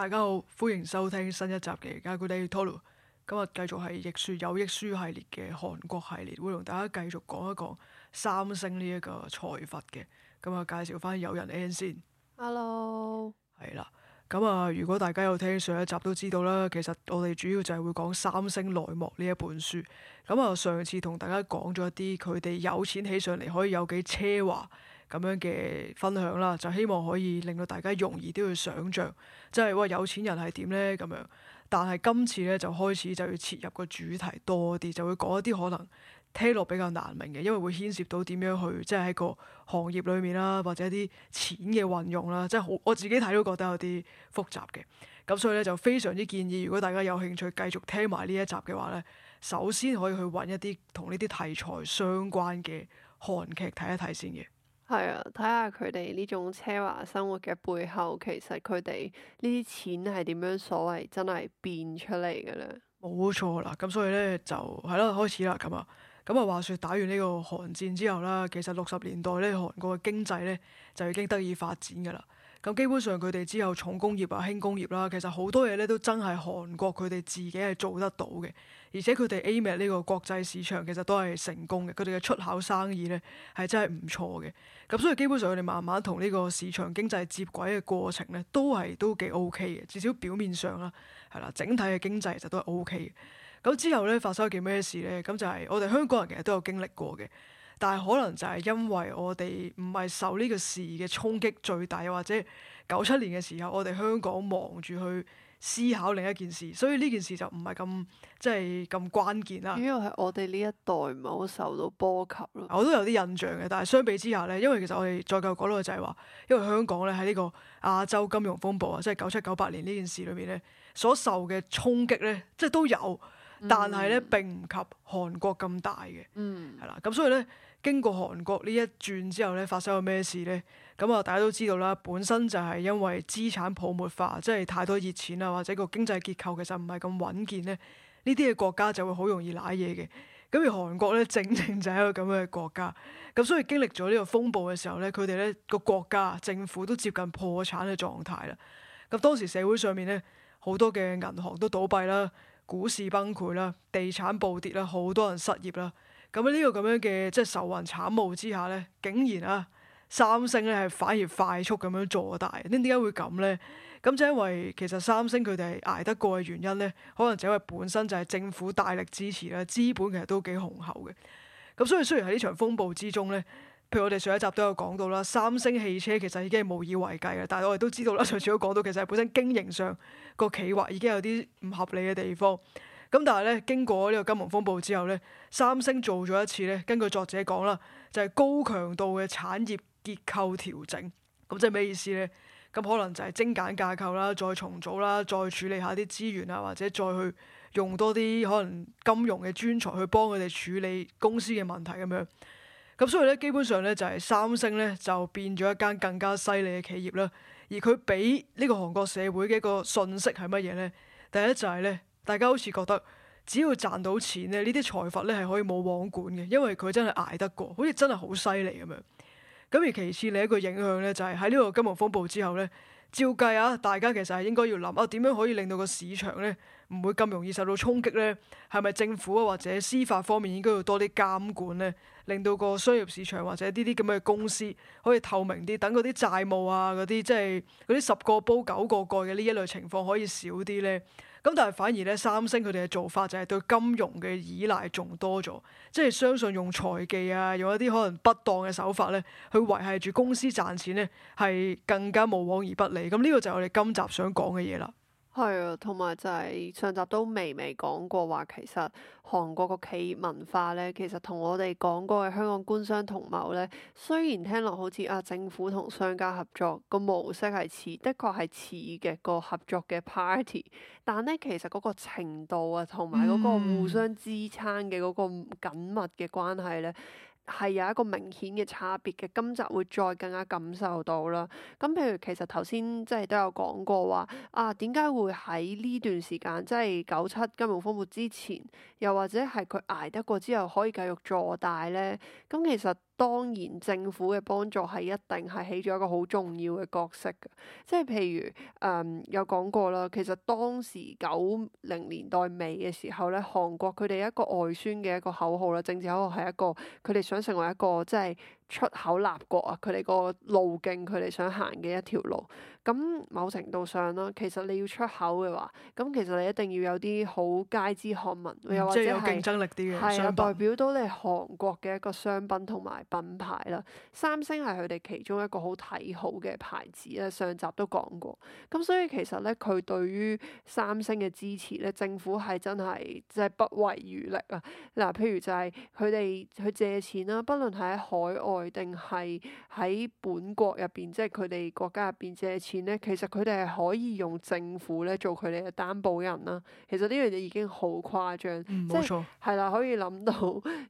大家好，歡迎收聽新一集嘅《解故地》，討論今日繼續係逆說有益書系列嘅韓國系列，會同大家繼續講一講三星呢一個財閥嘅。咁啊，介紹翻友人 N 先。Hello。係啦，咁啊，如果大家有聽上一集都知道啦，其實我哋主要就係會講三星內幕呢一本書。咁啊，上次同大家講咗一啲佢哋有錢起上嚟可以有幾奢華。咁樣嘅分享啦，就希望可以令到大家容易啲去想像，即係喂有錢人係點咧咁樣。但係今次咧就開始就要切入個主題多啲，就會講一啲可能聽落比較難明嘅，因為會牽涉到點樣去，即係喺個行業裏面啦，或者啲錢嘅運用啦，即係好我自己睇都覺得有啲複雜嘅。咁所以咧就非常之建議，如果大家有興趣繼續聽埋呢一集嘅話咧，首先可以去搵一啲同呢啲題材相關嘅韓劇睇一睇先嘅。係啊，睇下佢哋呢種奢華生活嘅背後，其實佢哋呢啲錢係點樣所謂真係變出嚟嘅咧？冇錯啦，咁所以咧就係咯，開始啦咁啊，咁啊話說打完呢個韓戰之後啦，其實六十年代咧韓國嘅經濟咧就已經得以發展噶啦。咁基本上佢哋之後重工業啊、輕工業啦，其實好多嘢咧都真係韓國佢哋自己係做得到嘅，而且佢哋 Amit 呢個國際市場其實都係成功嘅，佢哋嘅出口生意咧係真係唔錯嘅。咁所以基本上佢哋慢慢同呢個市場經濟接軌嘅過程咧，都係都幾 OK 嘅，至少表面上啦，係啦，整體嘅經濟其實都係 OK 嘅。咁之後咧發生一件咩事咧？咁就係我哋香港人其實都有經歷過嘅。但係可能就係因為我哋唔係受呢個事嘅衝擊最大，或者九七年嘅時候，我哋香港忙住去思考另一件事，所以呢件事就唔係咁即係咁關鍵啦。因為係我哋呢一代唔係好受到波及咯。我都有啲印象嘅，但係相比之下咧，因為其實我哋再夠講多就係話，因為香港咧喺呢個亞洲金融風暴啊，即係九七九八年呢件事裏面咧，所受嘅衝擊咧，即係都有，但係咧、嗯、並唔及韓國咁大嘅。嗯，係啦，咁所以咧。經過韓國呢一轉之後咧，發生咗咩事咧？咁啊，大家都知道啦，本身就係因為資產泡沫化，即係太多熱錢啊，或者個經濟結構其實唔係咁穩健咧，呢啲嘅國家就會好容易瀨嘢嘅。咁而韓國咧，正正就係一個咁樣嘅國家。咁所以經歷咗呢個風暴嘅時候咧，佢哋咧個國家政府都接近破產嘅狀態啦。咁當時社會上面咧，好多嘅銀行都倒閉啦，股市崩潰啦，地產暴跌啦，好多人失業啦。咁喺呢個咁樣嘅即係愁雲慘霧之下咧，竟然啊三星咧係反而快速咁樣做大，呢點解會咁咧？咁就因為其實三星佢哋係捱得過嘅原因咧，可能就因為本身就係政府大力支持啦，資本其實都幾雄厚嘅。咁所以雖然喺呢場風暴之中咧，譬如我哋上一集都有講到啦，三星汽車其實已經係無以為繼啦，但係我哋都知道啦，上次都講到其實本身經營上個企劃已經有啲唔合理嘅地方。咁但係咧，經過呢個金融風暴之後咧，三星做咗一次咧。根據作者講啦，就係高強度嘅產業結構調整。咁即係咩意思咧？咁可能就係精簡架構啦，再重組啦，再處理下啲資源啊，或者再去用多啲可能金融嘅專才去幫佢哋處理公司嘅問題咁樣。咁所以咧，基本上咧就係三星咧就變咗一間更加犀利嘅企業啦。而佢俾呢個韓國社會嘅一個信息係乜嘢咧？第一就係咧。大家好似覺得只要賺到錢咧，呢啲財閥咧係可以冇王管嘅，因為佢真係捱得過，好似真係好犀利咁樣。咁而其次，另一個影響咧就係喺呢個金融風暴之後咧，照計啊，大家其實係應該要諗啊，點樣可以令到個市場咧唔會咁容易受到衝擊咧？係咪政府啊或者司法方面應該要多啲監管咧，令到個商業市場或者呢啲咁嘅公司可以透明啲，等嗰啲債務啊嗰啲，即係嗰啲十個煲九個蓋嘅呢一類情況可以少啲咧？咁但係反而咧，三星佢哋嘅做法就係對金融嘅依賴仲多咗，即係相信用財技啊，用一啲可能不當嘅手法咧，去維繫住公司賺錢咧，係更加無往而不利。咁呢個就係我哋今集想講嘅嘢啦。係啊，同埋就係上集都微微講過話，其實韓國個企業文化咧，其實同我哋講過嘅香港官商同謀咧，雖然聽落好似啊政府同商家合作個模式係似，的確係似嘅個合作嘅 party，但咧其實嗰個程度啊，同埋嗰個互相支撐嘅嗰個緊密嘅關係咧。嗯係有一個明顯嘅差別嘅，今集會再更加感受到啦。咁譬如其實頭先即係都有講過話，啊點解會喺呢段時間即係九七金融風暴之前，又或者係佢捱得過之後可以繼續做大咧？咁其實。當然政府嘅幫助係一定係起咗一個好重要嘅角色㗎，即係譬如誒、嗯、有講過啦，其實當時九零年代尾嘅時候咧，韓國佢哋一個外宣嘅一個口號啦，政治口號係一個佢哋想成為一個即係。出口立國啊！佢哋個路徑，佢哋想行嘅一條路。咁某程度上啦，其實你要出口嘅話，咁其實你一定要有啲好街知巷聞，又或者有競爭力啲嘅。係啊、嗯就是，代表到你韓國嘅一個商品同埋品牌啦。三星係佢哋其中一個好睇好嘅牌子啦。上集都講過，咁所以其實咧，佢對於三星嘅支持咧，政府係真係即係不遺餘力啊！嗱，譬如就係佢哋去借錢啦，不論係喺海外。佢定係喺本國入邊，即係佢哋國家入邊借錢咧，其實佢哋係可以用政府咧做佢哋嘅擔保人啦、啊。其實呢樣嘢已經好誇張，冇、嗯、冇錯，係啦，可以諗到，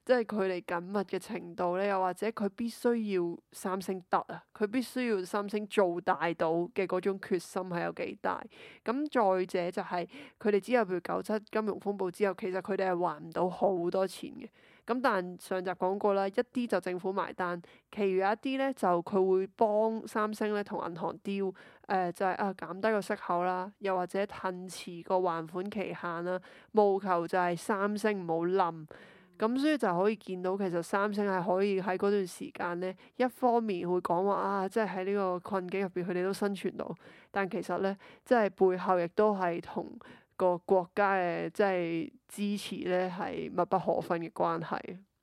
即係佢哋緊密嘅程度咧，又或者佢必須要三星得啊，佢必須要三星做大到嘅嗰種決心係有幾大？咁再者就係佢哋之後譬如九七金融風暴之後，其實佢哋係還唔到好多錢嘅。咁但上集講過啦，一啲就政府埋單，其餘一啲咧就佢會幫三星咧同銀行調、呃，誒就係、是、啊、呃、減低個息口啦，又或者褪遲個還款期限啦，務求就係三星唔好冧。咁所以就可以見到其實三星係可以喺嗰段時間咧，一方面會講話啊，即係喺呢個困境入邊佢哋都生存到，但其實咧即係背後亦都係同。個國家嘅即係支持咧，係密不可分嘅關係。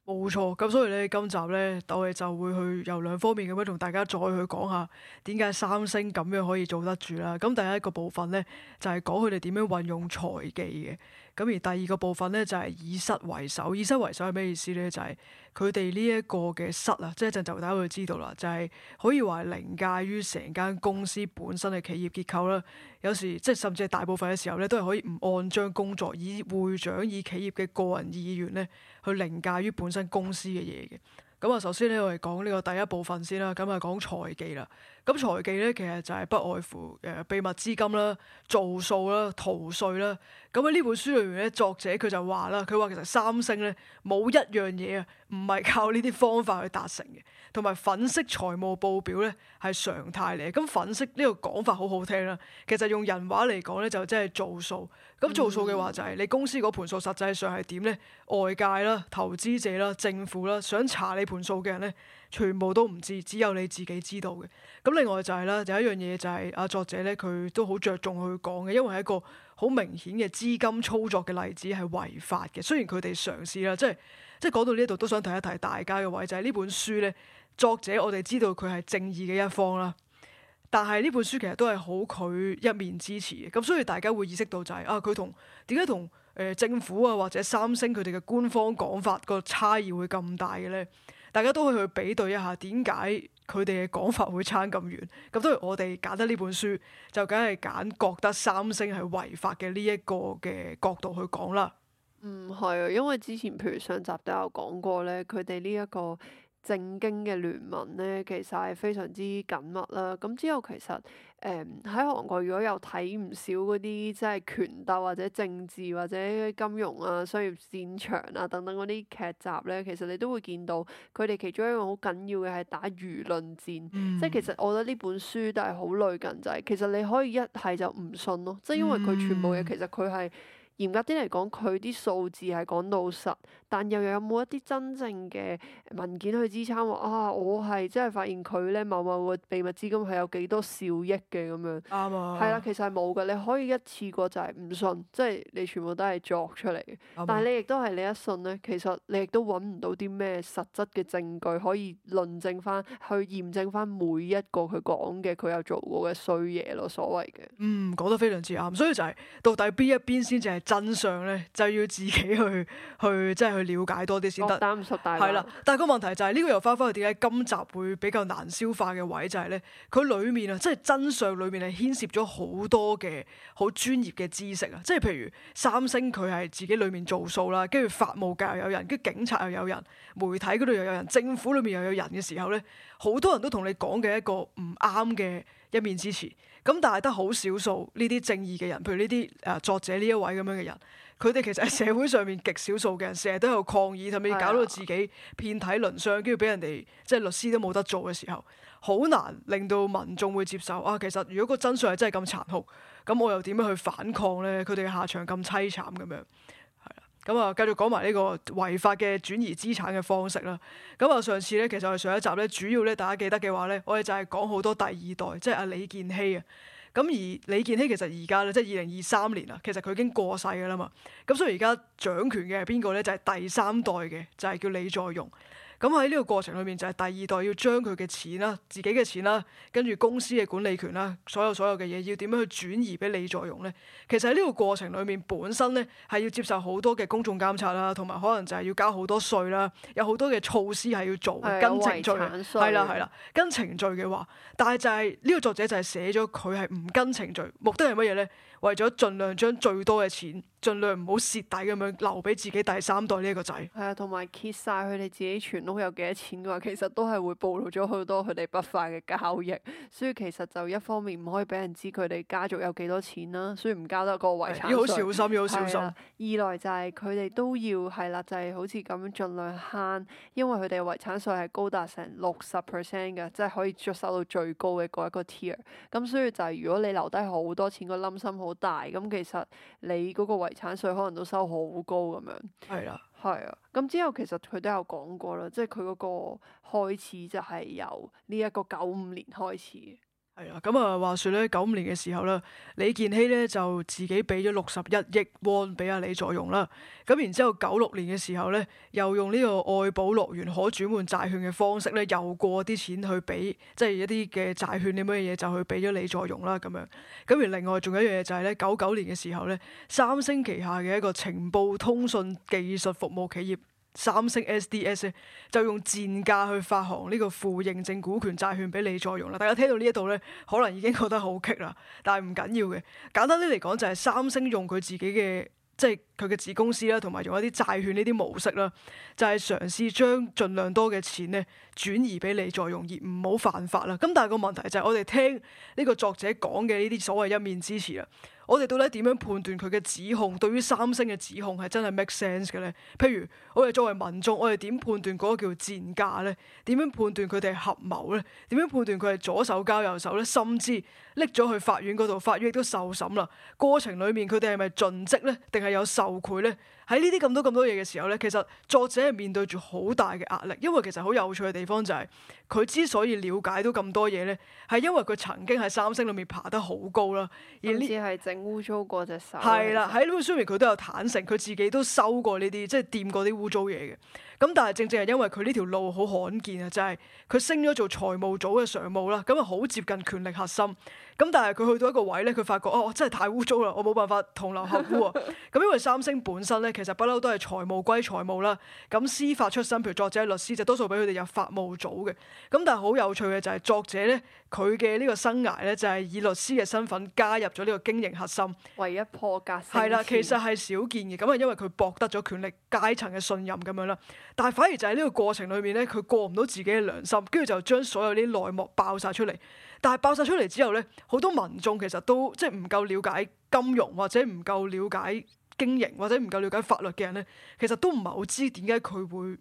冇錯，咁所以咧，今集咧，我哋就會去由兩方面咁樣同大家再去講下，點解三星咁樣可以做得住啦？咁第一個部分咧，就係講佢哋點樣運用財技嘅。咁而第二個部分咧，就係、是、以室為首。以室為首係咩意思咧？就係佢哋呢一個嘅室啊，即係一陣就大家會知道啦。就係、是、可以話凌駕於成間公司本身嘅企業結構啦。有時即係甚至係大部分嘅時候咧，都係可以唔按章工作，以會長以企業嘅個人意願咧去凌駕於本身公司嘅嘢嘅。咁啊，首先咧，我哋講呢個第一部分先啦，咁啊講財技啦。咁財技咧，其實就係不外乎誒秘密資金啦、造數啦、逃稅啦。咁喺呢本書裏面咧，作者佢就話啦，佢話其實三星咧冇一樣嘢啊，唔係靠呢啲方法去達成嘅，同埋粉飾財務報表咧係常態嚟。咁粉飾呢個講法好好聽啦。其實用人話嚟講咧，就即係造數。咁造數嘅話就係你公司嗰盤數實際上係點咧？外界啦、投資者啦、政府啦，想查你盤數嘅人咧。全部都唔知，只有你自己知道嘅。咁另外就係啦，有一樣嘢就係啊，作者咧佢都好着重去講嘅，因為係一個好明顯嘅資金操作嘅例子係違法嘅。雖然佢哋嘗試啦，即係即係講到呢度都想提一提大家嘅位，就係呢本書咧，作者我哋知道佢係正義嘅一方啦，但係呢本書其實都係好佢一面之詞嘅。咁所以大家會意識到就係啊，佢同點解同誒政府啊或者三星佢哋嘅官方講法個差異會咁大嘅咧？大家都去去比對一下，點解佢哋嘅講法會差咁遠？咁當然，我哋揀得呢本書就梗係揀覺得三星係違法嘅呢一個嘅角度去講啦。嗯，係啊，因為之前譬如上集都有講過咧，佢哋呢一個正經嘅聯盟咧，其實係非常之緊密啦。咁之後其實。誒，喺韓、um, 國如果有睇唔少嗰啲即係權鬥或者政治或者金融啊、商業戰場啊等等嗰啲劇集咧，其實你都會見到佢哋其中一個好緊要嘅係打輿論戰，嗯、即係其實我覺得呢本書都係好類近就係，其實你可以一係就唔信咯，即係因為佢全部嘢，其實佢係嚴格啲嚟講，佢啲數字係講到實。但又有冇一啲真正嘅文件去支撐話啊？我係即係發現佢咧某某個秘密資金係有幾多兆億嘅咁樣啱啊。係啦對吧，其實係冇嘅。你可以一次過就係唔信，即係你全部都係作出嚟嘅。對吧 但係你亦都係你一信咧，其實你亦都揾唔到啲咩實質嘅證據可以論證翻，去驗證翻每一個佢講嘅佢有做過嘅衰嘢咯，所謂嘅。嗯，講得非常之啱。所以就係、是、到底邊一邊先至係真相咧，就要自己去去即係。去了解多啲先得，係啦。但係個問題就係呢個，又翻翻去點解今集會比較難消化嘅位就係咧，佢裏面啊，即係真相裏面係牽涉咗好多嘅好專業嘅知識啊，即係譬如，三星佢係自己裏面做數啦，跟住法務界又有人，跟住警察又有人，媒體嗰度又有人，政府裏面又有人嘅時候咧，好多人都同你講嘅一個唔啱嘅一面之詞，咁但係得好少數呢啲正義嘅人，譬如呢啲誒作者呢一位咁樣嘅人。佢哋其實係社會上面極少數嘅人，成日都有抗議，同埋搞到自己遍體鱗傷，跟住俾人哋即係律師都冇得做嘅時候，好難令到民眾會接受。啊，其實如果個真相係真係咁殘酷，咁我又點樣去反抗呢？佢哋嘅下場咁淒慘咁樣，係啦。咁啊，繼續講埋呢個違法嘅轉移資產嘅方式啦。咁、嗯、啊，上次咧，其實係上一集咧，主要咧，大家記得嘅話咧，我哋就係講好多第二代，即係阿李健熙啊。咁而李健熙其實而家咧，即係二零二三年啦，其實佢已經過世㗎啦嘛。咁所以而家掌權嘅係邊個咧？就係、是、第三代嘅，就係、是、叫李在鎔。咁喺呢個過程裏面就係、是、第二代要將佢嘅錢啦、自己嘅錢啦、跟住公司嘅管理權啦、所有所有嘅嘢，要點樣去轉移俾李在鎔咧？其實喺呢個過程裏面本身咧係要接受好多嘅公眾監察啦，同埋可能就係要交好多稅啦，有好多嘅措施係要做的跟程序，係啦係啦跟程序嘅話，但係就係、是、呢、這個作者就係寫咗佢係唔跟程序，目的係乜嘢咧？為咗盡量將最多嘅錢，盡量唔好蝕底咁樣留俾自己第三代呢一個仔，係啊，同埋 k 揭晒佢哋自己全屋有幾多錢嘅話，其實都係會暴露咗好多佢哋不法嘅交易。所以其實就一方面唔可以俾人知佢哋家族有幾多錢啦，所以唔交得個遺產稅。要好小心，要好小心。二來就係佢哋都要係啦，就係、是、好似咁樣盡量慳，因為佢哋遺產稅係高達成六十 percent 嘅，即係、就是、可以着手到最高嘅嗰一個 tier。咁所以就係如果你留低好多錢、個冧心好大咁，其實你嗰個遺產稅可能都收好高咁樣的，係啦，係啊。咁之後其實佢都有講過啦，即係佢嗰個開始就係由呢一個九五年開始。係啊，咁啊，話說咧，九五年嘅時候啦，李健熙咧就自己俾咗六十一億蚊俾阿李在鎔啦。咁然之後九六年嘅時候咧，又用呢個愛寶樂園可轉換債券嘅方式咧，又過啲錢去俾，即係一啲嘅債券啲乜嘢就去俾咗李在鎔啦咁樣。咁而另外仲有一樣嘢就係咧，九九年嘅時候咧，三星旗下嘅一個情報通訊技術服務企業。三星 SDS 咧就用賤價去發行呢個負認證股權債券俾李在容啦，大家聽到呢一度咧可能已經覺得好棘啦，但係唔緊要嘅，簡單啲嚟講就係、是、三星用佢自己嘅即係佢嘅子公司啦，同埋用一啲債券呢啲模式啦，就係嘗試將盡量多嘅錢咧轉移俾李在容，而唔好犯法啦。咁但係個問題就係我哋聽呢個作者講嘅呢啲所謂一面之詞啊。我哋到底點樣判斷佢嘅指控對於三星嘅指控係真係 make sense 嘅咧？譬如我哋作為民眾，我哋點判斷嗰個叫做賤價咧？點樣判斷佢哋係合謀咧？點樣判斷佢係左手交右手咧？甚至。搦咗去法院嗰度，法院亦都受審啦。過程裏面佢哋係咪盡職咧，定係有受賄咧？喺呢啲咁多咁多嘢嘅時候咧，其實作者係面對住好大嘅壓力。因為其實好有趣嘅地方就係、是，佢之所以了解到咁多嘢咧，係因為佢曾經喺三星裏面爬得好高啦。好似係整污糟過隻手了。係啦、嗯，喺呢本書佢都有坦承，佢自己都收過呢啲，即係掂過啲污糟嘢嘅。咁但係正正係因為佢呢條路好罕見啊，就係、是、佢升咗做財務組嘅常務啦，咁啊好接近權力核心。咁但係佢去到一個位咧，佢發覺哦，真係太污糟啦，我冇辦法同流合污啊！咁 因為三星本身咧，其實不嬲都係財務歸財務啦。咁司法出身，譬如作者律師，就多數俾佢哋入法務組嘅。咁但係好有趣嘅就係、是、作者咧，佢嘅呢個生涯咧就係以律師嘅身份加入咗呢個經營核心，唯一破格。係啦，其實係少見嘅。咁啊，因為佢博得咗權力階層嘅信任咁樣啦。但係反而就喺呢個過程裏面咧，佢過唔到自己嘅良心，跟住就將所有啲內幕爆晒出嚟。但係爆晒出嚟之後咧，好多民眾其實都即係唔夠了解金融，或者唔夠了解經營，或者唔夠了解法律嘅人咧，其實都唔係好知點解佢會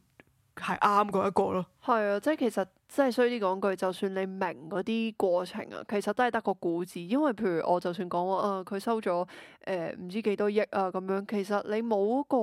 係啱嗰一個咯。係啊， 即係其實。真係衰啲講句，就算你明嗰啲過程啊，其實都係得個估字。因為譬如我就算講話、呃呃、啊，佢收咗誒唔知幾多億啊咁樣，其實你冇個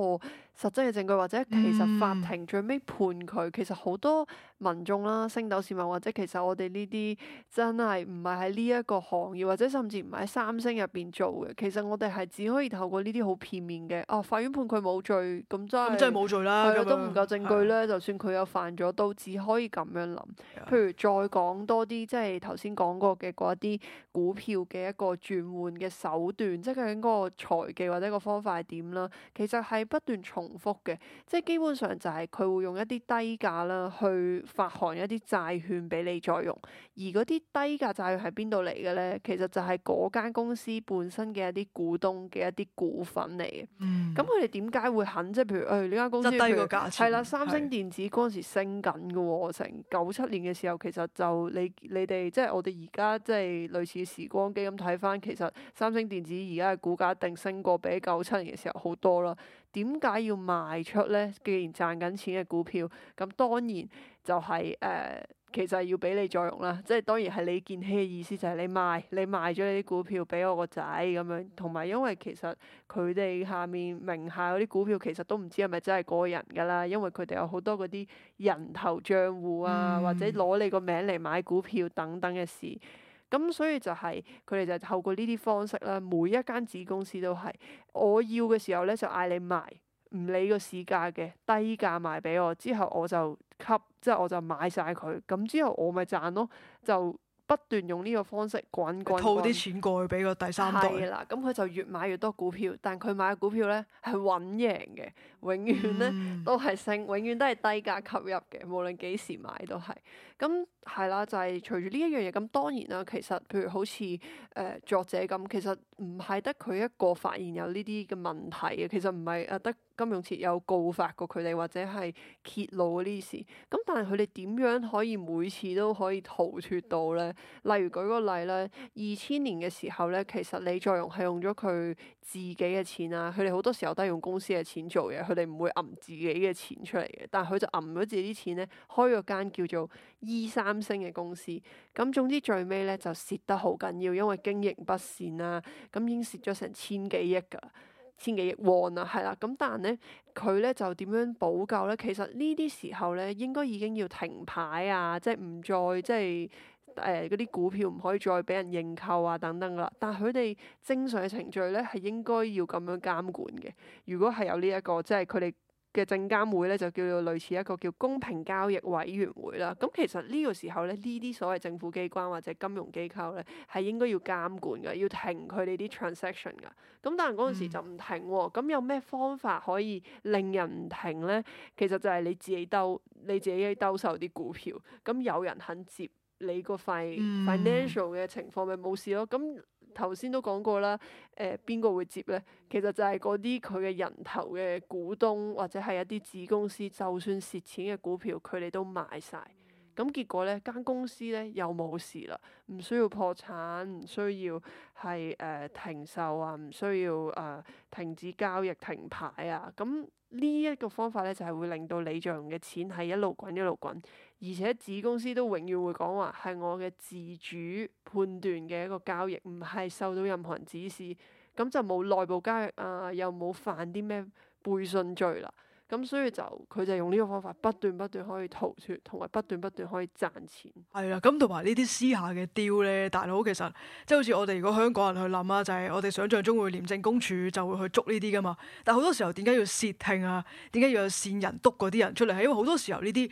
實質嘅證據，或者其實法庭最尾判佢，其實好多民眾啦、星斗市民或者其實我哋呢啲真係唔係喺呢一個行業，或者甚至唔係喺三星入邊做嘅，其實我哋係只可以透過呢啲好片面嘅，哦、啊，法院判佢冇罪，咁真係冇罪啦，係咯咁都唔夠證據咧。係就算佢有犯咗，都只可以咁樣諗。譬如再講多啲，即係頭先講過嘅嗰一啲股票嘅一個轉換嘅手段，即係佢嗰個財技或者個方法係點啦。其實係不斷重複嘅，即係基本上就係佢會用一啲低價啦，去發行一啲債券俾你再用。而嗰啲低價債券係邊度嚟嘅咧？其實就係嗰間公司本身嘅一啲股東嘅一啲股份嚟嘅。嗯，咁佢哋點解會肯？即係譬如，誒呢間公司低個價錢，係如啦，三星電子嗰陣時升緊㗎喎，成九七。的的七年嘅時候，其實就你你哋即係我哋而家即係類似時光機咁睇返，其實三星電子而家嘅股價一定升過比九七年嘅時候好多啦。點解要賣出咧？既然賺緊錢嘅股票，咁當然就係、是、誒。呃其實要俾你作用啦，即係當然係李健熙嘅意思就係你賣，你賣咗你啲股票俾我個仔咁樣，同埋因為其實佢哋下面名下嗰啲股票其實都唔知係咪真係個人㗎啦，因為佢哋有好多嗰啲人頭賬戶啊，或者攞你個名嚟買股票等等嘅事，咁、嗯、所以就係佢哋就透過呢啲方式啦，每一間子公司都係我要嘅時候咧，就嗌你賣，唔理個市價嘅低價賣俾我，之後我就。吸之後我就買晒佢，咁之後我咪賺咯，就不斷用呢個方式滾滾滾，套啲錢過去俾個第三代啦，咁佢就越買越多股票，但佢買嘅股票咧係穩贏嘅，永遠咧、嗯、都係升，永遠都係低價吸入嘅，無論幾時買都係。係啦，就係、是、隨住呢一樣嘢咁，當然啦。其實，譬如好似誒、呃、作者咁，其實唔係得佢一個發現有呢啲嘅問題啊。其實唔係啊，得金勇澈有告發過佢哋，或者係揭露呢啲事。咁但係佢哋點樣可以每次都可以逃脫到咧？例如舉個例咧，二千年嘅時候咧，其實李在容係用咗佢自己嘅錢啊。佢哋好多時候都係用公司嘅錢做嘢，佢哋唔會揼自己嘅錢出嚟嘅。但係佢就揼咗自己啲錢咧，開咗間叫做。E 三星嘅公司，咁總之最尾咧就蝕得好緊要，因為經營不善啦，咁已經蝕咗成千幾億噶，千幾億 won 啊，係啦，咁但係咧佢咧就點樣補救咧？其實呢啲時候咧應該已經要停牌啊，即係唔再即係誒嗰啲股票唔可以再俾人認購啊等等啦。但佢哋正常嘅程序咧係應該要咁樣監管嘅。如果係有呢、這、一個，即係佢哋。嘅證監會咧就叫做類似一個叫公平交易委員會啦。咁其實呢個時候咧，呢啲所謂政府機關或者金融機構咧係應該要監管㗎，要停佢哋啲 transaction 噶。咁但係嗰陣時就唔停喎、喔。咁、嗯、有咩方法可以令人唔停咧？其實就係你自己兜，你自己去兜售啲股票。咁有人肯接你個費 financial 嘅情況咪冇事咯。咁頭先都講過啦，誒邊個會接咧？其實就係嗰啲佢嘅人頭嘅股東，或者係一啲子公司，就算蝕錢嘅股票，佢哋都賣晒。咁、嗯、結果咧，間公司咧又冇事啦，唔需要破產，唔需要係誒、呃、停售啊，唔需要誒、呃、停止交易、停牌啊。咁呢一個方法咧，就係、是、會令到李在鎔嘅錢係一路滾一路滾。而且子公司都永遠會講話係我嘅自主判斷嘅一個交易，唔係受到任何人指示，咁就冇內部交易啊，又冇犯啲咩背信罪啦。咁所以就佢就用呢個方法不斷不斷可以逃脫，同埋不斷不斷可以賺錢。係啦，咁同埋呢啲私下嘅雕咧，大佬其實即係好似我哋如果香港人去諗啊，就係我哋想象中會廉政公署就會去捉呢啲㗎嘛。但好多時候點解要竊聽啊？點解要有線人督嗰啲人出嚟？係因為好多時候呢啲。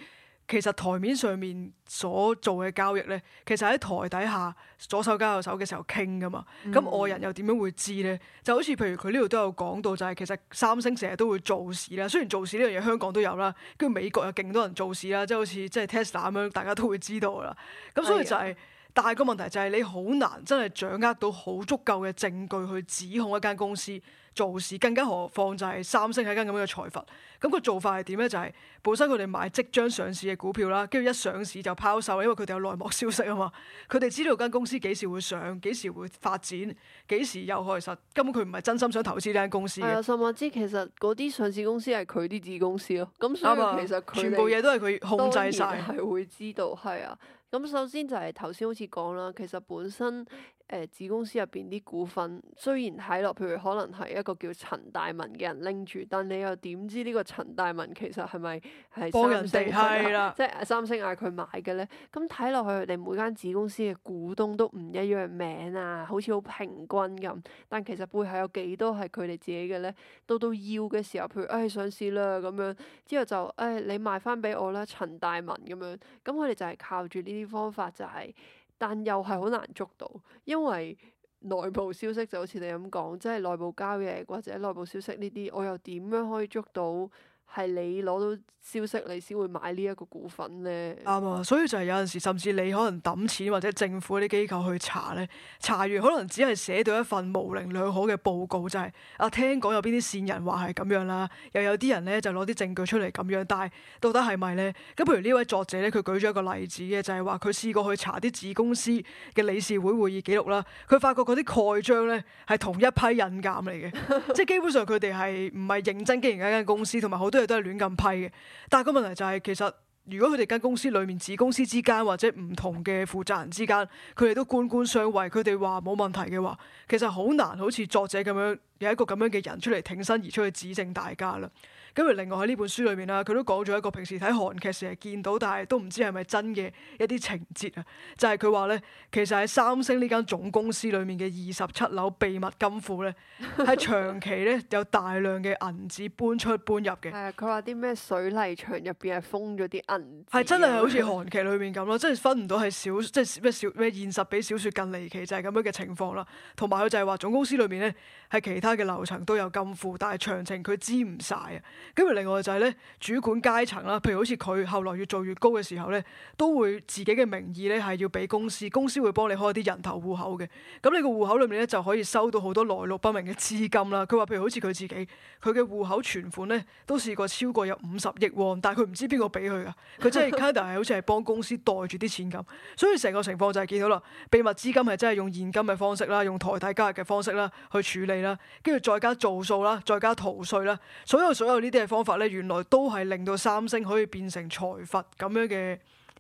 其實台面上面所做嘅交易咧，其實喺台底下左手交右手嘅時候傾噶嘛，咁、嗯嗯、外人又點樣會知咧？就好似譬如佢呢度都有講到，就係其實三星成日都會做市啦。雖然做市呢樣嘢香港都有啦，跟住美國有勁多人做市啦，即、就、係、是、好似即係 Tesla 咁樣，大家都會知道啦。咁所以就係、是。但係個問題就係、是、你好難真係掌握到好足夠嘅證據去指控一間公司做事，更加何況就係三星係一間咁嘅財閥。咁、嗯，那個做法係點咧？就係、是、本身佢哋買即將上市嘅股票啦，跟住一上市就拋售，因為佢哋有內幕消息啊嘛。佢哋知道間公司幾時會上，幾時會發展，幾時又開實，根本佢唔係真心想投資呢間公司嘅、啊。甚至其實嗰啲上市公司係佢啲子公司咯，咁所以吧其實全部嘢都係佢控制晒，係會知道，係啊。咁首先就係頭先好似講啦，其實本身。誒、呃、子公司入邊啲股份雖然睇落，譬如可能係一個叫陳大文嘅人拎住，但你又點知呢個陳大文其實係咪係三星？係啦的，即係三星嗌佢買嘅咧。咁睇落去，佢哋每間子公司嘅股東都唔一樣名啊，好似好平均咁。但其實背後有幾多係佢哋自己嘅咧？到到要嘅時候，譬如誒上市啦咁樣，之後就誒、哎、你賣翻俾我啦，陳大文咁樣。咁佢哋就係靠住呢啲方法，就係、是。但又係好難捉到，因為內部消息就好似你咁講，即係內部交易或者內部消息呢啲，我又點樣可以捉到？係你攞到消息，你先會買呢一個股份咧。啱啊，所以就係有陣時，甚至你可能揼錢或者政府啲機構去查咧，查完可能只係寫到一份模棱兩可嘅報告，就係，啊聽講有邊啲線人話係咁樣啦，又有啲人咧就攞啲證據出嚟咁樣，但係到底係咪咧？咁譬如呢位作者咧，佢舉咗一個例子嘅，就係話佢試過去查啲子公司嘅理事會會議記錄啦，佢發覺嗰啲蓋章咧係同一批印鑑嚟嘅， 即係基本上佢哋係唔係認真經營一間公司，同埋好多。佢都係亂咁批嘅，但係個問題就係，其實如果佢哋間公司裏面子公司之間或者唔同嘅負責人之間，佢哋都官官相衛，佢哋話冇問題嘅話，其實好難好似作者咁樣有一個咁樣嘅人出嚟挺身而出去指證大家啦。跟住另外喺呢本書裏面啊，佢都講咗一個平時睇韓劇成日見到，但係都唔知係咪真嘅一啲情節啊。就係佢話咧，其實喺三星呢間總公司裏面嘅二十七樓秘密金庫咧，係長期咧有大量嘅銀紙搬出搬入嘅。係啊！佢話啲咩水泥牆入邊係封咗啲銀。係真係好似韓劇裏面咁咯，即係 分唔到係小，即係咩小咩，現實比小説更離奇就係咁樣嘅情況啦。同埋佢就係話總公司裏面咧，係其他嘅樓層都有金庫，但係詳情佢知唔晒。啊。跟住另外就係咧，主管階層啦，譬如好似佢後來越做越高嘅時候咧，都會自己嘅名義咧係要俾公司，公司會幫你開啲人頭戶口嘅。咁你個戶口裏面咧就可以收到好多來路不明嘅資金啦。佢話譬如好似佢自己，佢嘅戶口存款咧都試過超過有五十億喎，但係佢唔知邊個俾佢噶。佢真係 Ada 好似係幫公司袋住啲錢咁。所以成個情況就係見到啦，秘密資金係真係用現金嘅方式啦，用台底交易嘅方式啦去處理啦，跟住再加造數啦，再加逃稅啦，所有所有呢～啲嘅方法咧，原來都係令到三星可以變成財閥咁樣嘅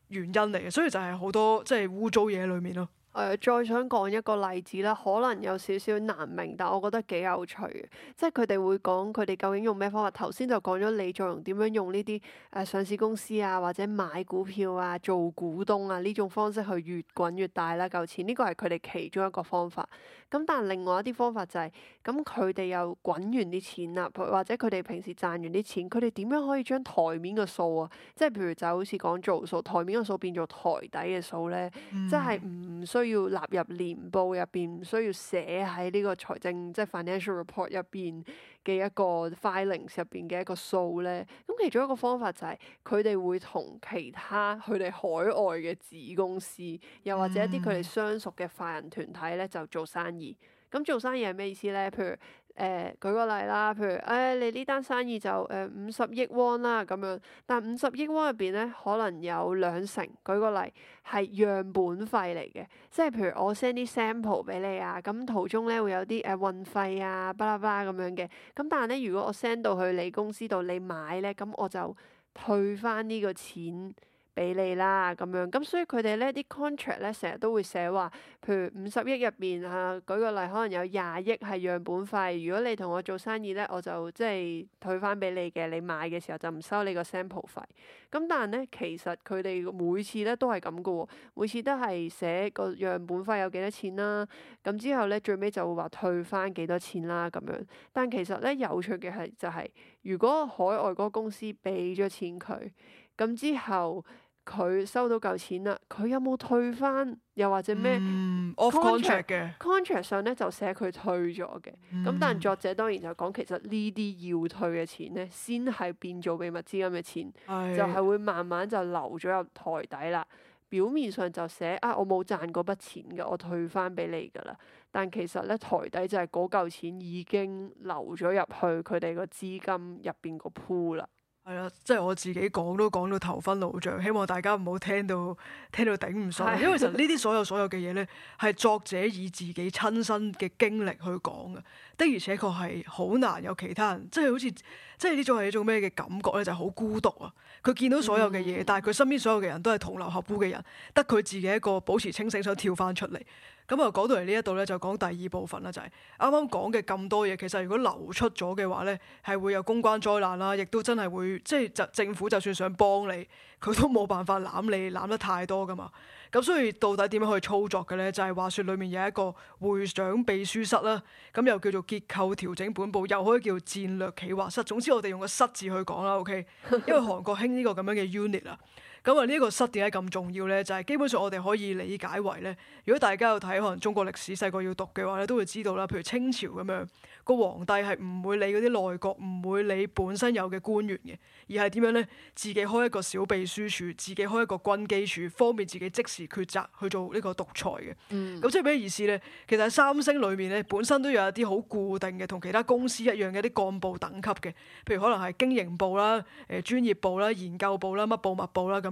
原因嚟嘅，所以就係好多即係污糟嘢喺裏面咯。誒、呃，再想講一個例子啦，可能有少少難明，但我覺得幾有趣。即係佢哋會講佢哋究竟用咩方法。頭先就講咗李在鎔點樣用呢啲誒上市公司啊，或者買股票啊、做股東啊呢種方式去越滾越大啦，嚿錢。呢個係佢哋其中一個方法。咁但係另外一啲方法就係、是，咁佢哋又滾完啲錢啦、啊，或者佢哋平時賺完啲錢，佢哋點樣可以將台面嘅數啊，即係譬如就好似講做數，台面嘅數變做台底嘅數咧，即係唔需。需要納入年報入邊，需要寫喺呢個財政即係 financial report 入邊嘅一個 filing 入邊嘅一個數咧。咁其中一個方法就係佢哋會同其他佢哋海外嘅子公司，又或者一啲佢哋相熟嘅法人團體咧，就做生意。咁做生意係咩意思咧？譬如。誒、呃、舉個例啦，譬如誒、哎、你呢單生意就誒五十億 won 啦咁樣，但五十億 won 入邊咧可能有兩成，舉個例係樣本費嚟嘅，即係譬如我 send 啲 sample 俾你啊，咁途中咧會有啲誒、呃、運費啊，巴拉巴拉咁樣嘅，咁但係咧如果我 send 到去你公司度，你買咧，咁我就退翻呢個錢，俾你啦，咁樣咁所以佢哋咧啲 contract 咧成日都會寫話，譬如五十億入邊啊，舉個例，可能有廿億係樣本費。如果你同我做生意咧，我就即係、就是、退翻俾你嘅。你買嘅時候就唔收你個 sample 費。咁但係咧，其實佢哋每次咧都係咁嘅喎，每次都係寫個樣本費有幾多錢啦。咁之後咧最尾就會話退翻幾多錢啦咁樣。但其實咧有趣嘅係就係、是，如果海外嗰個公司俾咗錢佢。咁之後，佢收到嚿錢啦。佢有冇退翻？又或者咩、嗯、contract contract 嘅 contract 上咧，就寫佢退咗嘅。咁、嗯、但作者當然就講，其實呢啲要退嘅錢咧，先係變做秘密資金嘅錢，是就係會慢慢就流咗入台底啦。表面上就寫啊，我冇賺嗰筆錢㗎，我退翻俾你㗎啦。但其實咧，台底就係嗰嚿錢已經流咗入去佢哋個資金入邊個 pool 啦。係啦，即係我自己講都講到頭昏腦脹，希望大家唔好聽到聽到頂唔順。因為其實呢啲所有所有嘅嘢咧，係作者以自己親身嘅經歷去講嘅，的而且確係好難有其他人，即係好似即係呢種係一種咩嘅感覺咧，就係好孤獨啊！佢見到所有嘅嘢，但係佢身邊所有嘅人都係同流合污嘅人，得佢自己一個保持清醒想跳返出嚟。咁啊，講到嚟呢一度咧，就講第二部分啦，就係啱啱講嘅咁多嘢，其實如果流出咗嘅話咧，係會有公關災難啦，亦都真係會即係就政府就算想幫你，佢都冇辦法攬你攬得太多㗎嘛。咁所以到底點樣去操作嘅咧？就係、是、話説裡面有一個會長秘書室啦，咁又叫做結構調整本部，又可以叫做戰略企劃室。總之我哋用個室字去講啦，OK？因為韓國興呢個咁樣嘅 unit 啊。咁啊呢個失點解咁重要咧？就係、是、基本上我哋可以理解為咧，如果大家有睇可能中國歷史細個要讀嘅話咧，都會知道啦。譬如清朝咁樣，個皇帝係唔會理嗰啲內閣，唔會理本身有嘅官員嘅，而係點樣咧？自己開一個小秘書處，自己開一個軍機處，方便自己即時抉擇去做呢個獨裁嘅。咁、嗯、即係咩意思咧？其實三星裏面咧本身都有一啲好固定嘅，同其他公司一樣嘅啲幹部等級嘅，譬如可能係經營部啦、誒、呃、專業部啦、研究部啦、乜部乜部啦咁。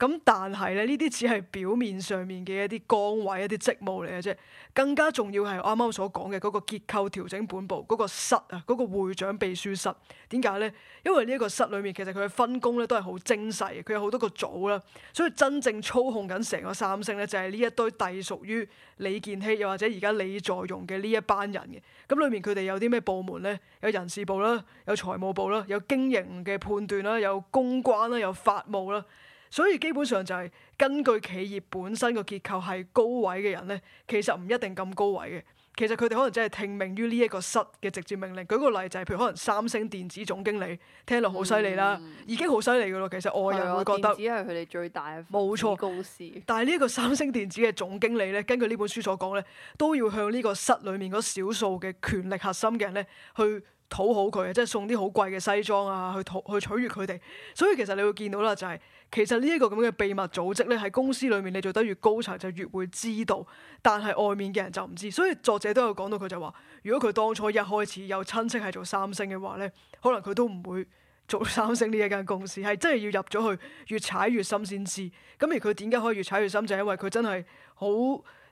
咁但係咧，呢啲只係表面上面嘅一啲崗位、一啲職務嚟嘅啫。更加重要係我啱啱所講嘅嗰個結構調整本部嗰個室啊，嗰個會長秘書室。點解咧？因為呢一個室裏面其實佢嘅分工咧都係好精細，佢有好多個組啦。所以真正操控緊成個三星咧，就係呢一堆隸屬於李健熙又或者而家李在容嘅呢一班人嘅。咁裏面佢哋有啲咩部門咧？有人事部啦，有財務部啦，有經營嘅判斷啦，有公關啦，有法務啦。所以基本上就係根據企業本身個結構係高位嘅人咧，其實唔一定咁高位嘅。其實佢哋可能只係聽命於呢一個室嘅直接命令。舉個例就係譬如可能三星電子總經理聽落好犀利啦，嗯、已經好犀利噶咯。其實外人又會覺得只係佢哋最大嘅公司。冇錯，但係呢一個三星電子嘅總經理咧，根據呢本書所講咧，都要向呢個室裡面嗰少數嘅權力核心嘅人咧去討好佢，即係送啲好貴嘅西裝啊，去討去取悅佢哋。所以其實你會見到啦、就是，就係。其實呢一個咁嘅秘密組織咧，喺公司裏面你做得越高層就越會知道，但係外面嘅人就唔知。所以作者都有講到佢就話：如果佢當初一開始有親戚係做三星嘅話咧，可能佢都唔會做三星呢一間公司。係真係要入咗去越踩越深先知。咁而佢點解可以越踩越深？就係因為佢真係好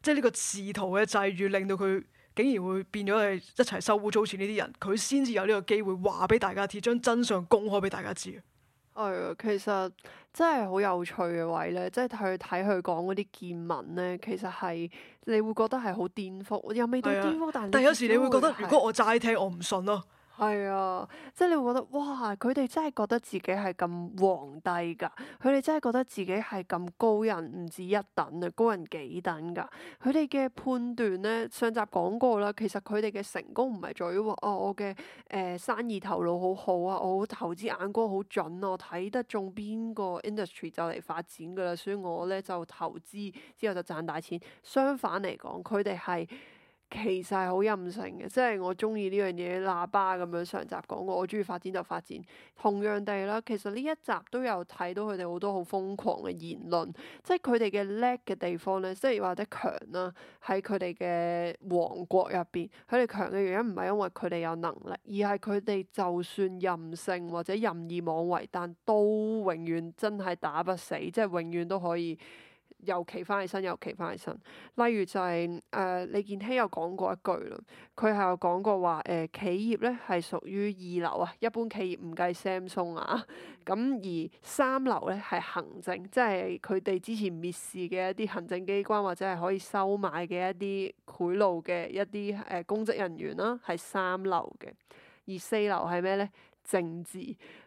即係呢個仕途嘅際遇，令到佢竟然會變咗係一齊收污糟錢呢啲人，佢先至有呢個機會話俾大家聽，將真相公開俾大家知。係啊、嗯，其實真係好有趣嘅位咧，即係去睇佢講嗰啲見聞咧，其實係你會覺得係好顛覆，又未到顛覆，的但係、就是、有時你會覺得，如果我齋聽，我唔信咯。係啊，即係你會覺得哇，佢哋真係覺得自己係咁皇帝㗎，佢哋真係覺得自己係咁高人唔止一等啊，高人幾等㗎？佢哋嘅判斷咧，上集講過啦，其實佢哋嘅成功唔係在於話哦，我嘅誒、呃、生意頭腦好好啊，我投資眼光好準啊，我睇得中邊個 industry 就嚟發展㗎啦，所以我咧就投資之後就賺大錢。相反嚟講，佢哋係。其實係好任性嘅，即係我中意呢樣嘢喇叭咁樣。上集講過，我中意發展就發展，同樣地啦。其實呢一集都有睇到佢哋好多好瘋狂嘅言論，即係佢哋嘅叻嘅地方咧，即係或者強啦。喺佢哋嘅王國入邊，佢哋強嘅原因唔係因為佢哋有能力，而係佢哋就算任性或者任意妄為，但都永遠真係打不死，即係永遠都可以。又企翻起身，又企翻起身。例如就係、是，誒、呃、李健熙有講過一句啦，佢係有講過話，誒、呃、企業咧係屬於二流啊，一般企業唔計 Samsung 啊。咁、啊、而三流咧係行政，即係佢哋之前蔑視嘅一啲行政機關或者係可以收買嘅一啲賄賂嘅一啲誒公職人員啦，係三流嘅。而四流係咩咧？政治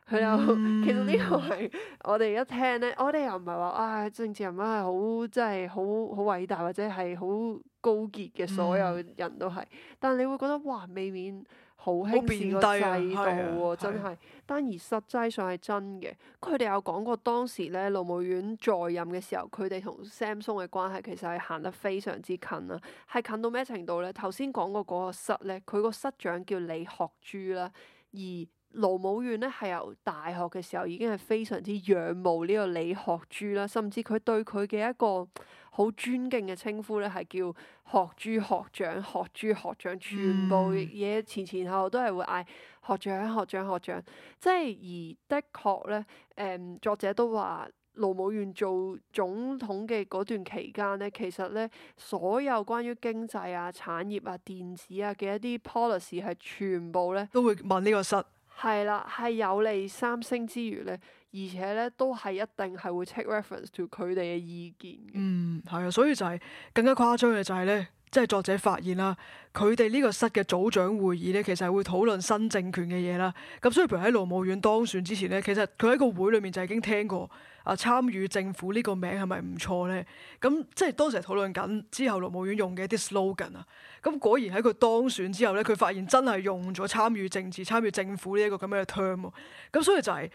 佢又、嗯、其實呢個係我哋一聽咧，我哋又唔係話啊政治人物係好即係好好偉大或者係好高潔嘅，嗯、所有人都係，但你會覺得哇，未免好輕視個制度喎，啊、真係的。但而實際上係真嘅，佢哋有講過當時咧，盧武鉉在任嘅時候，佢哋同 Samsung 嘅關係其實係行得非常之近啦，係近到咩程度咧？頭先講過嗰個室咧，佢個室長叫李學洙啦，而盧武鉉咧，係由大學嘅時候已經係非常之仰慕呢個李學洙啦，甚至佢對佢嘅一個好尊敬嘅稱呼咧，係叫學洙學長、學洙學長，全部嘢，前前後後都係會嗌學長、學長、學長。即係而的確咧，誒、嗯，作者都話盧武鉉做總統嘅嗰段期間咧，其實咧，所有關於經濟啊、產業啊、電子啊嘅一啲 policy 係全部咧都會問呢個實。係啦，係有利三星之餘咧，而且咧都係一定係會 check reference to 佢哋嘅意見。嗯，係啊，所以就係更加誇張嘅就係咧，即係作者發現啦，佢哋呢個室嘅組長會議咧，其實係會討論新政權嘅嘢啦。咁所以譬如喺盧武鉉當選之前咧，其實佢喺個會裏面就已經聽過。啊！參與政府呢個名係咪唔錯咧？咁即係當時係討論緊之後，盧武鉉用嘅一啲 slogan 啊，咁果然喺佢當選之後咧，佢發現真係用咗參與政治、參與政府呢一個咁樣嘅 term 喎。咁所以就係、是，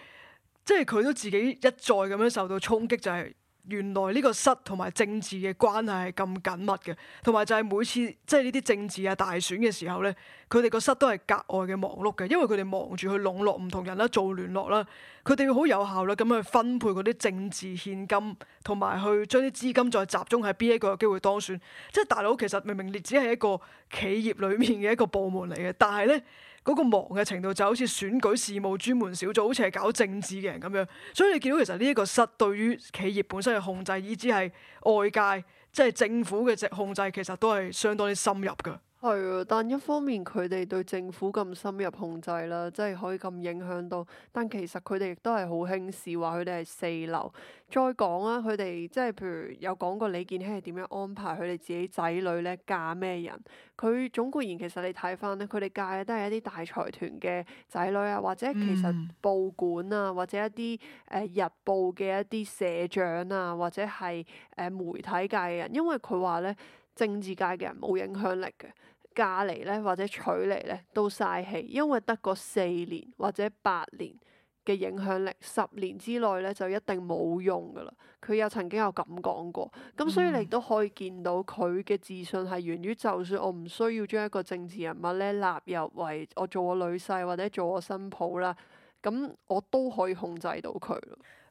即係佢都自己一再咁樣受到衝擊，就係、是。原來呢個室同埋政治嘅關係係咁緊密嘅，同埋就係每次即係呢啲政治啊大選嘅時候咧，佢哋個室都係格外嘅忙碌嘅，因為佢哋忙住去籠絡唔同人啦、做聯絡啦，佢哋要好有效率咁去分配嗰啲政治獻金，同埋去將啲資金再集中喺邊一個有機會當選。即係大佬，其實明明你只係一個企業裏面嘅一個部門嚟嘅，但係咧。嗰個忙嘅程度就好似選舉事務專門小組，好似係搞政治嘅人咁樣。所以你見到其實呢一個室對於企業本身嘅控制，以至係外界即係、就是、政府嘅控制，其實都係相當之深入㗎。係啊，但一方面佢哋對政府咁深入控制啦，即係可以咁影響到。但其實佢哋亦都係好輕視，話佢哋係四流。再講啊，佢哋即係譬如有講過李健熙係點樣安排佢哋自己仔女咧嫁咩人？佢總括言其實你睇翻咧，佢哋嫁嘅都係一啲大財團嘅仔女啊，或者其實報館啊，或者一啲誒、呃、日報嘅一啲社長啊，或者係誒、呃、媒體界嘅人，因為佢話咧。政治界嘅人冇影響力嘅嫁嚟咧，或者娶嚟咧都嘥氣，因為得個四年或者八年嘅影響力，十年之內咧就一定冇用㗎喇。佢又曾經有咁講過，咁所以你都可以見到佢嘅自信係源於，就算我唔需要將一個政治人物咧納入為我做我女婿或者做我新抱喇，咁我都可以控制到佢。啱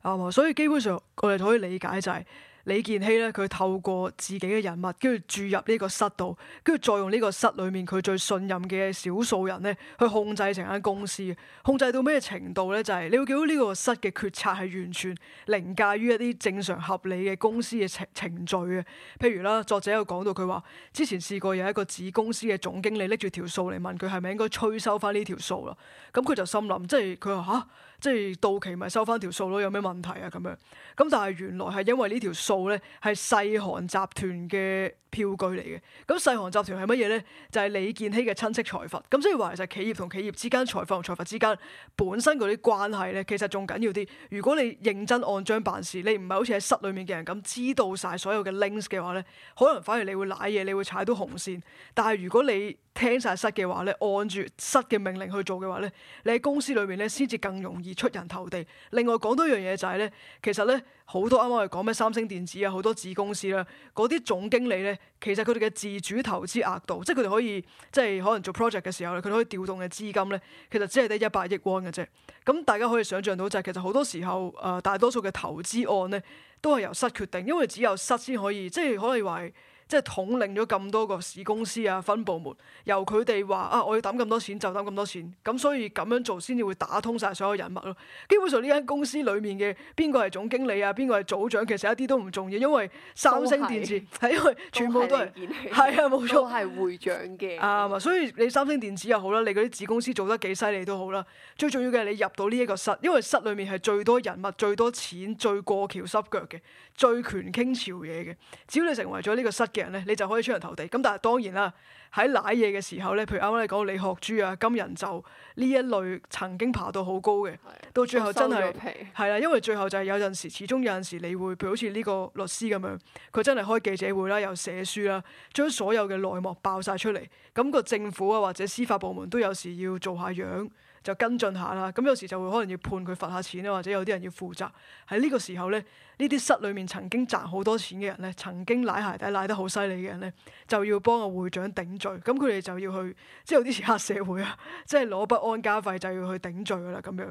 啊、嗯，所以基本上我哋可以理解就係、是。李健熙咧，佢透過自己嘅人物，跟住注入呢個室度，跟住再用呢個室裏面佢最信任嘅少數人咧，去控制成間公司，控制到咩程度咧？就係、是、你會見到呢個室嘅決策係完全凌駕於一啲正常合理嘅公司嘅程序嘅。譬如啦，作者有講到佢話，之前試過有一個子公司嘅總經理拎住條數嚟問佢係咪應該催收翻呢條數啦，咁、嗯、佢就心諗，即係佢話吓，即係到期咪收翻條數咯，有咩問題啊咁樣？咁但係原來係因為呢條數。咧係世韓集團嘅票據嚟嘅，咁世韓集團係乜嘢咧？就係、是、李健熙嘅親戚財閥，咁所以話其實企業同企業之間，財閥同財閥之間本身嗰啲關係咧，其實仲緊要啲。如果你認真按章辦事，你唔係好似喺室裏面嘅人咁知道晒所有嘅 links 嘅話咧，可能反而你會瀨嘢，你會踩到紅線。但係如果你聽晒室嘅話咧，按住室嘅命令去做嘅話咧，你喺公司裏面咧先至更容易出人頭地。另外講多一樣嘢就係、是、咧，其實咧好多啱啱我哋講咩三星電子啊，好多子公司啦，嗰啲總經理咧，其實佢哋嘅自主投資額度，即係佢哋可以，即係可能做 project 嘅時候咧，佢哋可以調動嘅資金咧，其實只係得一百億安嘅啫。咁大家可以想象到就係、是，其實好多時候誒、呃，大多數嘅投資案咧，都係由室決定，因為只有室先可以，即係可以話。即係統領咗咁多個子公司啊、分部門，由佢哋話啊，我要抌咁多錢就抌咁多錢，咁所以咁樣做先至會打通晒所有人物咯。基本上呢間公司裏面嘅邊個係總經理啊，邊個係組長，其實一啲都唔重要，因為三星電子係是因為全部都係演戲，係啊，冇錯，係會長嘅啊。所以你三星電子又好啦，你嗰啲子公司做得幾犀利都好啦。最重要嘅係你入到呢一個室，因為室裏面係最多人物、最多錢、最過橋濕腳嘅、最權傾朝野嘅。只要你成為咗呢個室，嘅人咧，你就可以出人頭地。咁 但係當然啦，喺瀨嘢嘅時候咧，譬如啱啱你講李學珠啊、金人就呢一類曾經爬到好高嘅，的到最後真係係啦，因為最後就係有陣時，始終有陣時你會，譬如好似呢個律師咁樣，佢真係開記者會啦，又寫書啦，將所有嘅內幕爆晒出嚟，咁個政府啊或者司法部門都有時要做下樣。就跟進下啦，咁有時就會可能要判佢罰下錢啊，或者有啲人要負責。喺呢個時候咧，呢啲室裏面曾經賺好多錢嘅人咧，曾經舐鞋底舐得好犀利嘅人咧，就要幫個會長頂罪。咁佢哋就要去，即係有啲似黑社會啊，即係攞筆安家費就要去頂罪啦，咁樣。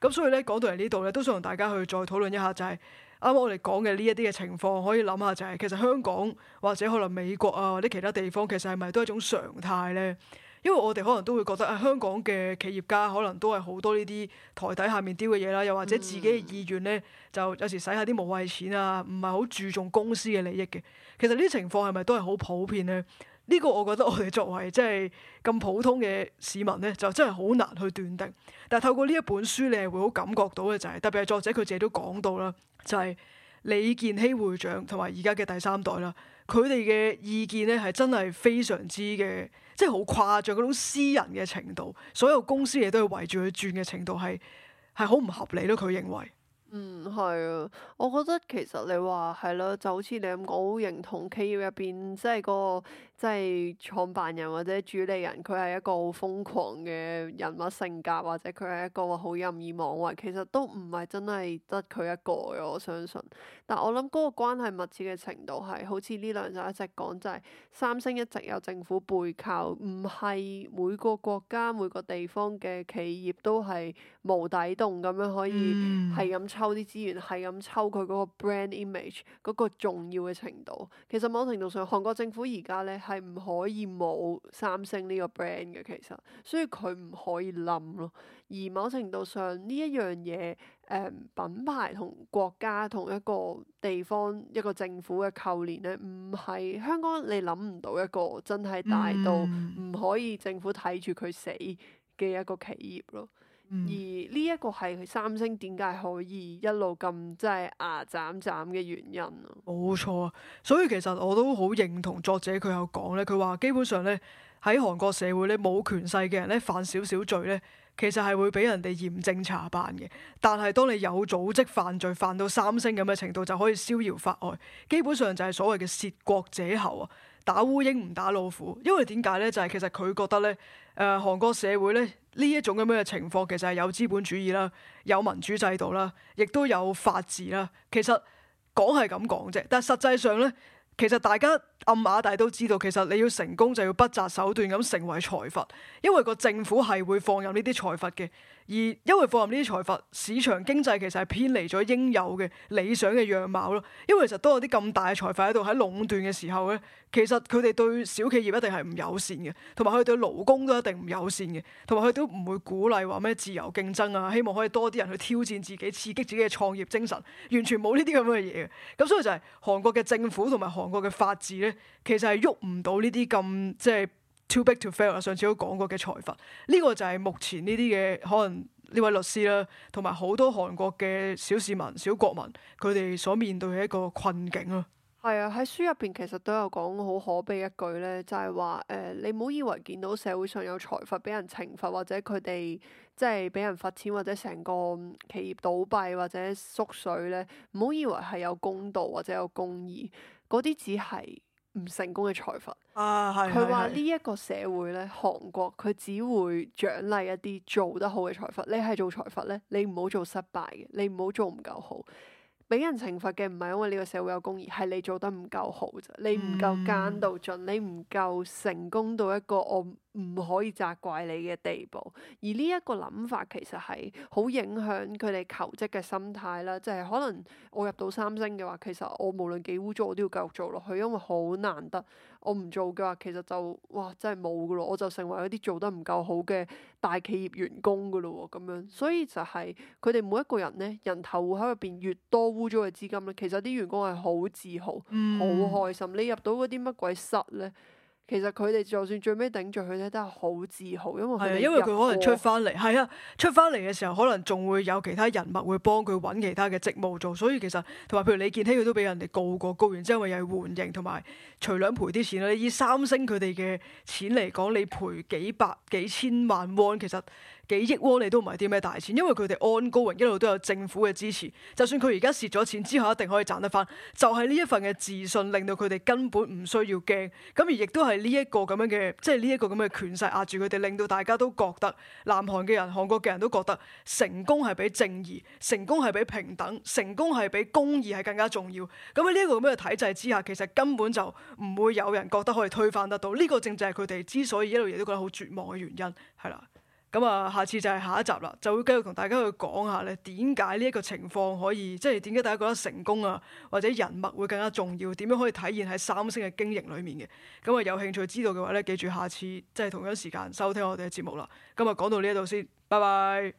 咁所以咧，講到嚟呢度咧，都想同大家去再討論一下，就係啱啱我哋講嘅呢一啲嘅情況，可以諗下就係其實香港或者可能美國啊，或者其他地方，其實係咪都係一種常態咧？因為我哋可能都會覺得啊，香港嘅企業家可能都係好多呢啲台底下面丟嘅嘢啦，又或者自己嘅意願咧，就有時使下啲無謂錢啊，唔係好注重公司嘅利益嘅。其實呢啲情況係咪都係好普遍咧？呢、這個我覺得我哋作為即係咁普通嘅市民咧，就真係好難去斷定。但係透過呢一本書，你係會好感覺到嘅就係、是，特別係作者佢自己都講到啦，就係、是、李健熙會長同埋而家嘅第三代啦，佢哋嘅意見咧係真係非常之嘅。即係好誇張嗰種私人嘅程度，所有公司嘢都要圍住佢轉嘅程度係係好唔合理咯。佢認為，嗯係啊，我覺得其實你話係咯，就好似你咁講，好認同企業入邊即係嗰個。即係創辦人或者主理人，佢係一個好瘋狂嘅人物性格，或者佢係一個好任意妄為，其實都唔係真係得佢一個嘅。我相信，但我諗嗰個關係密切嘅程度係好似呢兩集一直講就係三星一直有政府背靠，唔係每個國家每個地方嘅企業都係無底洞咁樣可以係咁抽啲資源，係咁抽佢嗰個 brand image 嗰個重要嘅程度。其實某程度上，韓國政府而家咧。係唔可以冇三星呢個 brand 嘅，其實，所以佢唔可以冧咯。而某程度上，呢一樣嘢，誒、嗯、品牌同國家同一個地方一個政府嘅扣連咧，唔係香港你諗唔到一個真係大到唔可以政府睇住佢死嘅一個企業咯。嗯、而呢一個係三星點解可以一路咁即係牙斬斬嘅原因，冇錯啊！所以其實我都好認同作者佢有講咧，佢話基本上咧，喺韓國社會咧，冇權勢嘅人咧犯少少罪咧，其實係會俾人哋嚴正查辦嘅。但係當你有組織犯罪犯到三星咁嘅程度，就可以逍遙法外。基本上就係所謂嘅竊國者侯啊。打烏蠅唔打老虎，因為點解呢？就係、是、其實佢覺得呢誒、呃、韓國社會呢，呢一種咁樣嘅情況，其實係有資本主義啦，有民主制度啦，亦都有法治啦。其實講係咁講啫，但實際上呢，其實大家暗馬大都知道，其實你要成功就要不擇手段咁成為財閥，因為個政府係會放任呢啲財閥嘅。而因為放任呢啲財閥，市場經濟其實係偏離咗應有嘅理想嘅樣貌咯。因為其實都有啲咁大嘅財閥喺度喺壟斷嘅時候咧，其實佢哋對小企業一定係唔友善嘅，同埋佢哋對勞工都一定唔友善嘅，同埋佢都唔會鼓勵話咩自由競爭啊，希望可以多啲人去挑戰自己，刺激自己嘅創業精神，完全冇呢啲咁嘅嘢嘅。咁所以就係、是、韓國嘅政府同埋韓國嘅法治咧，其實係喐唔到呢啲咁即係。就是 Too big to fail 啊！上次都講過嘅財閥，呢個就係目前呢啲嘅可能呢位律師啦，同埋好多韓國嘅小市民、小國民佢哋所面對嘅一個困境啊！係啊，喺書入邊其實都有講好可悲一句咧，就係話誒，你唔好以為見到社會上有財閥俾人懲罰或者佢哋即係俾人罰錢或者成個企業倒閉或者縮水咧，唔好以為係有公道或者有公義，嗰啲只係唔成功嘅財閥啊，佢話呢一個社會咧，的韓國佢只會獎勵一啲做得好嘅財閥。你係做財閥咧，你唔好做失敗嘅，你唔好做唔夠好。俾人懲罰嘅唔係因為呢個社會有公義，係你做得唔夠好啫，你唔夠奸到盡，你唔夠成功到一個我唔可以責怪你嘅地步。而呢一個諗法其實係好影響佢哋求職嘅心態啦，即係可能我入到三星嘅話，其實我無論幾污糟，我都要繼續做落去，因為好難得。我唔做嘅話，其實就哇真係冇噶咯，我就成為一啲做得唔夠好嘅大企業員工噶咯喎咁樣，所以就係佢哋每一個人咧，人頭戶口喺入邊越多污糟嘅資金咧，其實啲員工係好自豪、好、嗯、開心。你入到嗰啲乜鬼室咧？其實佢哋就算最尾頂住佢哋都係好自豪，因為佢哋入過。係啊，因為佢可能出翻嚟，係啊，出翻嚟嘅時候可能仲會有其他人物會幫佢揾其他嘅職務做，所以其實同埋譬如李健熙佢都俾人哋告過，告完之後咪又緩刑，同埋除兩賠啲錢啦。你以三星佢哋嘅錢嚟講，你賠幾百幾千萬蚊，其實。幾億喎，你都唔係啲咩大錢，因為佢哋安高榮一路都有政府嘅支持，就算佢而家蝕咗錢之後，一定可以賺得翻。就係呢一份嘅自信，令到佢哋根本唔需要驚。咁而亦都係呢一個咁樣嘅，即係呢一個咁嘅權勢壓住佢哋，令到大家都覺得南韓嘅人、韓國嘅人都覺得成功係比正義、成功係比平等、成功係比公義係更加重要。咁喺呢一個咁樣嘅體制之下，其實根本就唔會有人覺得可以推翻得到呢個，正正係佢哋之所以一路亦都覺得好絕望嘅原因，係啦。咁啊，下次就係下一集啦，就會繼續同大家去講下咧，點解呢一個情況可以，即係點解大家覺得成功啊，或者人脈會更加重要，點樣可以體現喺三星嘅經營裏面嘅？咁啊，有興趣知道嘅話咧，記住下次即係同一時間收聽我哋嘅節目啦。咁啊，講到呢一度先，拜拜。